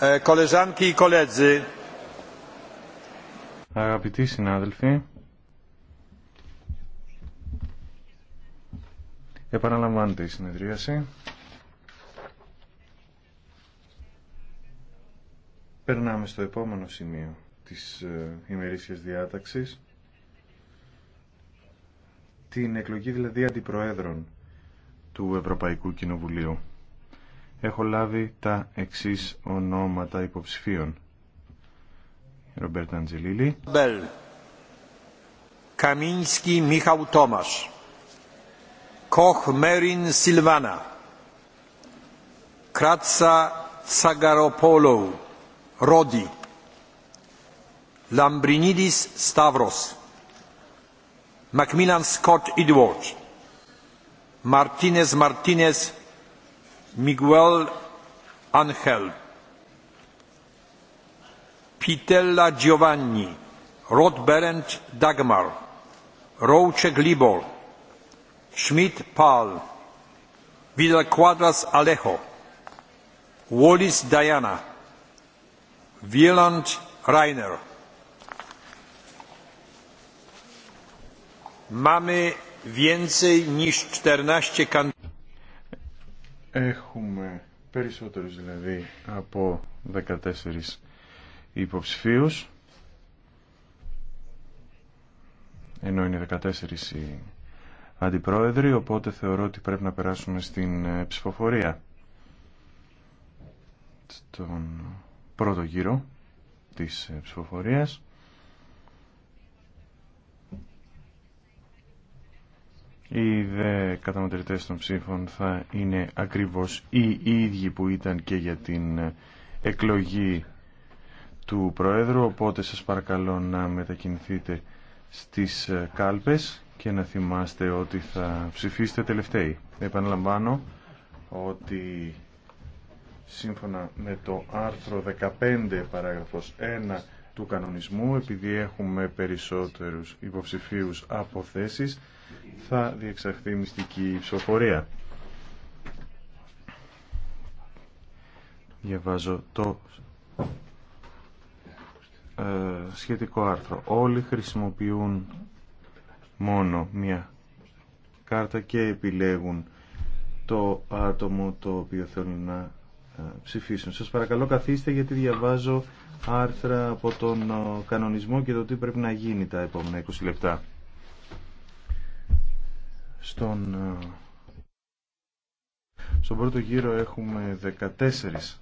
Ε, Αγαπητοί συνάδελφοι, επαναλαμβάνεται η συνεδρίαση. Περνάμε στο επόμενο σημείο της ε, ημερήσιας διάταξης, την εκλογή δηλαδή αντιπροέδρων του Ευρωπαϊκού Κοινοβουλίου. Έχω λάβει τα εξής ονόματα υποψηφίων. Ρομπέρτα Αντζελίλη. Μπέλ. Καμίνσκι Μίχαου Τόμας. Κοχ Μέριν Σιλβάνα. Κράτσα Τσαγκαροπόλου. Ρόντι. Λαμπρινίδης Σταύρος. Μακμίλαν Σκοτ Ιντουόρτ. Μαρτίνες Μαρτίνες Miguel Angel, Pitella Giovanni, Rodberend Dagmar, Rouczek Libor, Schmidt Paul, Vidal Quadras Alejo, Wallis Diana, Wieland Reiner. Mamy więcej niż 14 kandydatów Έχουμε περισσότερους δηλαδή από 14 υποψηφίους ενώ είναι 14 οι αντιπρόεδροι οπότε θεωρώ ότι πρέπει να περάσουμε στην ε, ψηφοφορία στον πρώτο γύρο της ε, ψηφοφορίας οι δε καταμετρητές των ψήφων θα είναι ακριβώς οι ίδιοι που ήταν και για την εκλογή του Προέδρου, οπότε σας παρακαλώ να μετακινηθείτε στις κάλπες και να θυμάστε ότι θα ψηφίσετε τελευταίοι. Επαναλαμβάνω ότι σύμφωνα με το άρθρο 15 παράγραφος 1 του κανονισμού, επειδή έχουμε περισσότερους υποψηφίους αποθέσεις, θα διεξαχθεί μυστική ψηφοφορία. Διαβάζω το ε, σχετικό άρθρο. Όλοι χρησιμοποιούν μόνο μία κάρτα και επιλέγουν το άτομο το οποίο θέλουν να ε, ψηφίσουν. Σας παρακαλώ καθίστε γιατί διαβάζω άρθρα από τον ε, κανονισμό και το τι πρέπει να γίνει τα επόμενα 20 λεπτά. Στον, ε, στον πρώτο γύρο έχουμε 14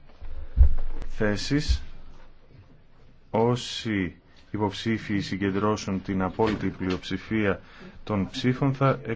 θέσεις. Όσοι υποψήφοι συγκεντρώσουν την απόλυτη πλειοψηφία των ψήφων θα